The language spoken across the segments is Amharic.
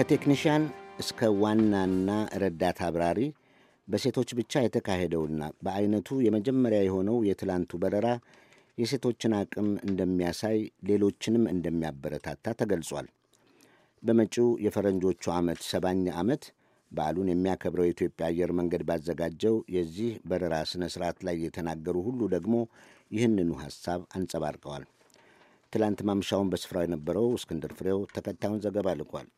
ከቴክኒሽያን እስከ ዋናና ረዳት አብራሪ በሴቶች ብቻ የተካሄደውና በአይነቱ የመጀመሪያ የሆነው የትላንቱ በረራ የሴቶችን አቅም እንደሚያሳይ ሌሎችንም እንደሚያበረታታ ተገልጿል። በመጪው የፈረንጆቹ ዓመት ሰባኛ ዓመት በዓሉን የሚያከብረው የኢትዮጵያ አየር መንገድ ባዘጋጀው የዚህ በረራ ሥነ ሥርዓት ላይ የተናገሩ ሁሉ ደግሞ ይህንኑ ሐሳብ አንጸባርቀዋል። ትላንት ማምሻውን በስፍራው የነበረው እስክንድር ፍሬው ተከታዩን ዘገባ ልኳል።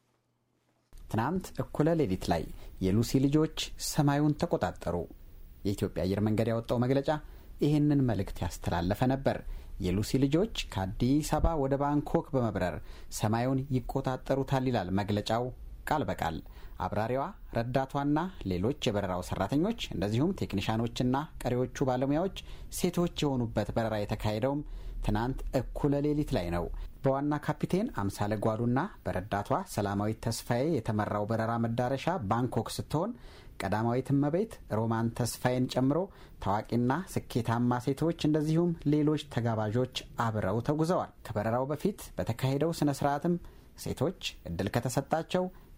ትናንት እኩለ ሌሊት ላይ የሉሲ ልጆች ሰማዩን ተቆጣጠሩ። የኢትዮጵያ አየር መንገድ ያወጣው መግለጫ ይህንን መልእክት ያስተላለፈ ነበር። የሉሲ ልጆች ከአዲስ አበባ ወደ ባንኮክ በመብረር ሰማዩን ይቆጣጠሩታል ይላል መግለጫው ቃል በቃል አብራሪዋ፣ ረዳቷና ሌሎች የበረራው ሰራተኞች እንደዚሁም ቴክኒሻኖችና ቀሪዎቹ ባለሙያዎች ሴቶች የሆኑበት በረራ የተካሄደውም ትናንት እኩለ ሌሊት ላይ ነው። በዋና ካፒቴን አምሳለ ጓዱና በረዳቷ ሰላማዊት ተስፋዬ የተመራው በረራ መዳረሻ ባንኮክ ስትሆን ቀዳማዊት እመቤት ሮማን ተስፋዬን ጨምሮ ታዋቂና ስኬታማ ሴቶች እንደዚሁም ሌሎች ተጋባዦች አብረው ተጉዘዋል። ከበረራው በፊት በተካሄደው ስነ ስርዓትም ሴቶች እድል ከተሰጣቸው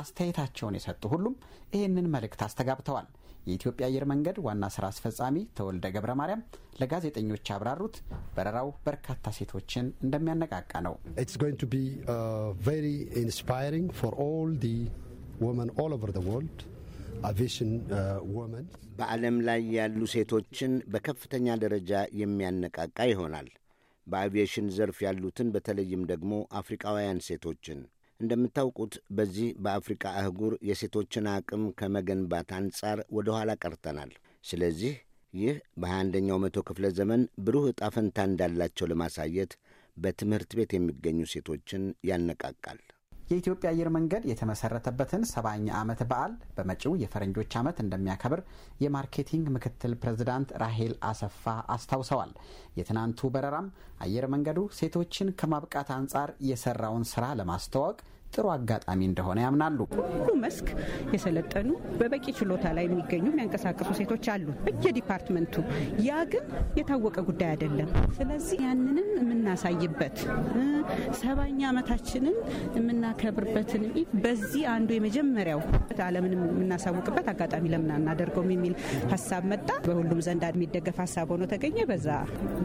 አስተያየታቸውን የሰጡ ሁሉም ይህንን መልእክት አስተጋብተዋል። የኢትዮጵያ አየር መንገድ ዋና ስራ አስፈጻሚ ተወልደ ገብረ ማርያም ለጋዜጠኞች ያብራሩት በረራው በርካታ ሴቶችን እንደሚያነቃቃ ነው። uh, uh, በዓለም ላይ ያሉ ሴቶችን በከፍተኛ ደረጃ የሚያነቃቃ ይሆናል። በአቪዬሽን ዘርፍ ያሉትን በተለይም ደግሞ አፍሪቃውያን ሴቶችን እንደምታውቁት በዚህ በአፍሪካ አህጉር የሴቶችን አቅም ከመገንባት አንጻር ወደ ኋላ ቀርተናል። ስለዚህ ይህ በ21ኛው መቶ ክፍለ ዘመን ብሩህ ዕጣ ፈንታ እንዳላቸው ለማሳየት በትምህርት ቤት የሚገኙ ሴቶችን ያነቃቃል። የኢትዮጵያ አየር መንገድ የተመሰረተበትን ሰባኛ ዓመት በዓል በመጪው የፈረንጆች ዓመት እንደሚያከብር የማርኬቲንግ ምክትል ፕሬዝዳንት ራሄል አሰፋ አስታውሰዋል። የትናንቱ በረራም አየር መንገዱ ሴቶችን ከማብቃት አንጻር የሰራውን ስራ ለማስተዋወቅ ጥሩ አጋጣሚ እንደሆነ ያምናሉ። ሁሉ መስክ የሰለጠኑ በበቂ ችሎታ ላይ የሚገኙ የሚያንቀሳቀሱ ሴቶች አሉ በየዲፓርትመንቱ። ያ ግን የታወቀ ጉዳይ አይደለም። ስለዚህ ያንንም የምናሳይበት ሰባኛ ዓመታችንን የምናከብርበትን በዚህ አንዱ የመጀመሪያው ዓለምን የምናሳውቅበት አጋጣሚ ለምን አናደርገውም የሚል ሀሳብ መጣ። በሁሉም ዘንድ የሚደገፍ ሀሳብ ሆኖ ተገኘ። በዛ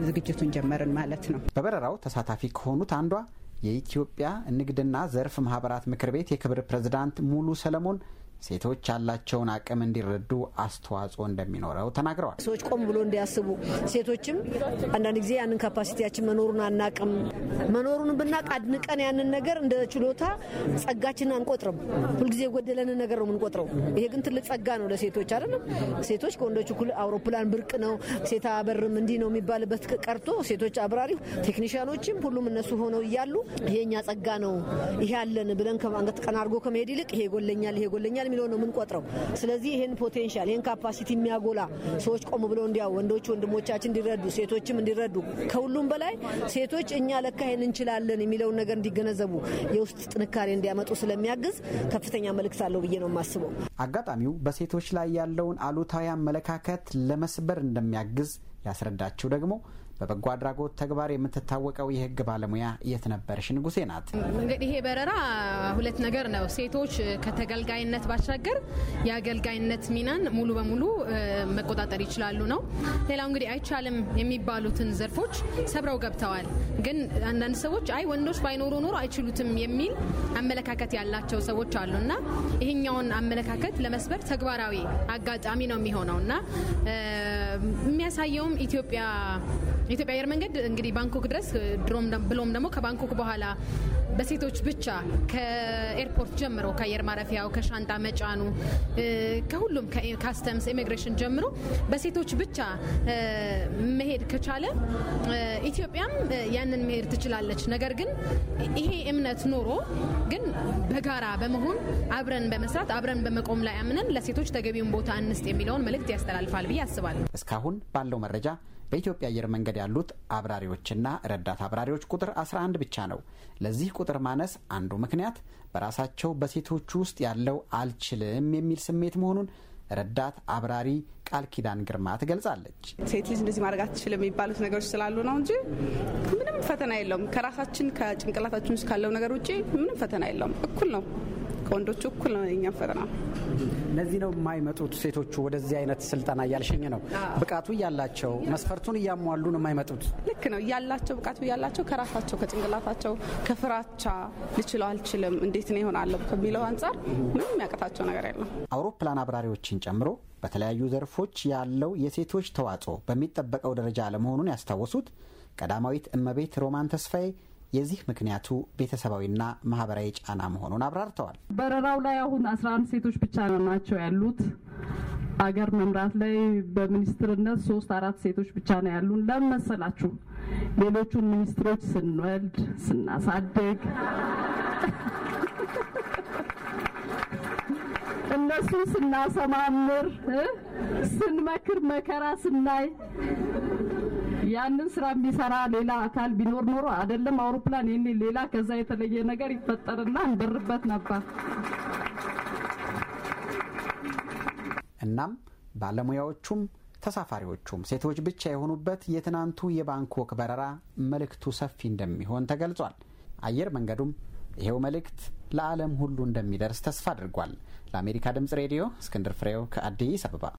ዝግጅቱን ጀመርን ማለት ነው። በበረራው ተሳታፊ ከሆኑት አንዷ የኢትዮጵያ ንግድና ዘርፍ ማህበራት ምክር ቤት የክብር ፕሬዝዳንት ሙሉ ሰለሞን ሴቶች ያላቸውን አቅም እንዲረዱ አስተዋጽኦ እንደሚኖረው ተናግረዋል። ሰዎች ቆም ብሎ እንዲያስቡ፣ ሴቶችም አንዳንድ ጊዜ ያንን ካፓሲቲያችን መኖሩን አናቅም። መኖሩን ብናቅ አድንቀን ያንን ነገር እንደ ችሎታ ጸጋችን አንቆጥርም። ሁልጊዜ የጎደለንን ነገር ነው የምንቆጥረው። ይሄ ግን ትልቅ ጸጋ ነው ለሴቶች አይደለም። ሴቶች ከወንዶች እኩል አውሮፕላን ብርቅ ነው፣ ሴት አበርም እንዲህ ነው የሚባልበት ቀርቶ ሴቶች አብራሪ፣ ቴክኒሽያኖችም ሁሉም እነሱ ሆነው እያሉ ይሄ እኛ ጸጋ ነው ይሄ አለን ብለን ከአንገት ቀና አድርጎ ከመሄድ ይልቅ ይሄ ጎለኛል፣ ይሄ ጎለኛል ፖቴንሻል የሚለው ነው የምንቆጥረው። ስለዚህ ይህን ፖቴንሻል ይህን ካፓሲቲ የሚያጎላ ሰዎች ቆም ብለው እንዲያው ወንዶች ወንድሞቻችን እንዲረዱ፣ ሴቶችም እንዲረዱ፣ ከሁሉም በላይ ሴቶች እኛ ለካ ይህን እንችላለን የሚለውን ነገር እንዲገነዘቡ የውስጥ ጥንካሬ እንዲያመጡ ስለሚያግዝ ከፍተኛ መልእክት አለው ብዬ ነው የማስበው። አጋጣሚው በሴቶች ላይ ያለውን አሉታዊ አመለካከት ለመስበር እንደሚያግዝ ያስረዳችው ደግሞ በበጎ አድራጎት ተግባር የምትታወቀው የህግ ባለሙያ የት ነበርሽ ንጉሴ ናት። እንግዲህ ይሄ በረራ ሁለት ነገር ነው። ሴቶች ከተገልጋይነት ባሻገር የአገልጋይነት ሚናን ሙሉ በሙሉ መቆጣጠር ይችላሉ ነው። ሌላው እንግዲህ አይቻልም የሚባሉትን ዘርፎች ሰብረው ገብተዋል። ግን አንዳንድ ሰዎች አይ ወንዶች ባይኖሩ ኖሮ አይችሉትም የሚል አመለካከት ያላቸው ሰዎች አሉ እና ይህኛውን አመለካከት ለመስበር ተግባራዊ አጋጣሚ ነው የሚሆነው እና የሚያሳየውም ኢትዮጵያ የኢትዮጵያ አየር መንገድ እንግዲህ ባንኮክ ድረስ ብሎም ደግሞ ከባንኮክ በኋላ በሴቶች ብቻ ከኤርፖርት ጀምሮ ከአየር ማረፊያው ከሻንጣ መጫኑ ከሁሉም ካስተምስ፣ ኢሚግሬሽን ጀምሮ በሴቶች ብቻ መሄድ ከቻለ ኢትዮጵያም ያንን መሄድ ትችላለች። ነገር ግን ይሄ እምነት ኖሮ ግን በጋራ በመሆን አብረን በመስራት አብረን በመቆም ላይ አምነን ለሴቶች ተገቢውን ቦታ እንስጥ የሚለውን መልእክት ያስተላልፋል ብዬ አስባለሁ። እስካሁን ባለው መረጃ በኢትዮጵያ አየር መንገድ ያሉት አብራሪዎችና ረዳት አብራሪዎች ቁጥር 11 ብቻ ነው። ለዚህ ቁጥር ማነስ አንዱ ምክንያት በራሳቸው በሴቶቹ ውስጥ ያለው አልችልም የሚል ስሜት መሆኑን ረዳት አብራሪ ቃል ኪዳን ግርማ ትገልጻለች። ሴት ልጅ እንደዚህ ማድረግ አትችልም የሚባሉት ነገሮች ስላሉ ነው እንጂ ምንም ፈተና የለውም። ከራሳችን ከጭንቅላታችን ውስጥ ካለው ነገር ውጭ ምንም ፈተና የለውም። እኩል ነው። ከወንዶቹ እኩል ነው የኛ ፈተና። እነዚህ ነው የማይመጡት ሴቶቹ ወደዚህ አይነት ስልጠና እያልሸኝ ነው። ብቃቱ እያላቸው መስፈርቱን እያሟሉ ነው የማይመጡት። ልክ ነው እያላቸው ብቃቱ እያላቸው ከራሳቸው ከጭንቅላታቸው ከፍራቻ ልችለው አልችልም እንዴት ነው ይሆናለሁ ከሚለው አንጻር ምንም የሚያቀታቸው ነገር የለም። አውሮፕላን አብራሪዎችን ጨምሮ በተለያዩ ዘርፎች ያለው የሴቶች ተዋጽኦ በሚጠበቀው ደረጃ አለመሆኑን ያስታወሱት ቀዳማዊት እመቤት ሮማን ተስፋዬ የዚህ ምክንያቱ ቤተሰባዊና ማህበራዊ ጫና መሆኑን አብራርተዋል። በረራው ላይ አሁን አስራ አንድ ሴቶች ብቻ ናቸው ያሉት። አገር መምራት ላይ በሚኒስትርነት ሶስት አራት ሴቶች ብቻ ነው ያሉን። ለምን መሰላችሁ? ሌሎቹን ሚኒስትሮች ስንወልድ ስናሳደግ እነሱ ስናሰማምር ስንመክር መከራ ስናይ ያንን ስራ የሚሰራ ሌላ አካል ቢኖር ኖሮ አይደለም አውሮፕላን ይህን ሌላ ከዛ የተለየ ነገር ይፈጠርና እንበርበት ነበር። እናም ባለሙያዎቹም ተሳፋሪዎቹም ሴቶች ብቻ የሆኑበት የትናንቱ የባንኮክ በረራ መልእክቱ ሰፊ እንደሚሆን ተገልጿል። አየር መንገዱም ይሄው መልእክት ለዓለም ሁሉ እንደሚደርስ ተስፋ አድርጓል። ለአሜሪካ ድምፅ ሬዲዮ እስክንድር ፍሬው ከአዲስ አበባ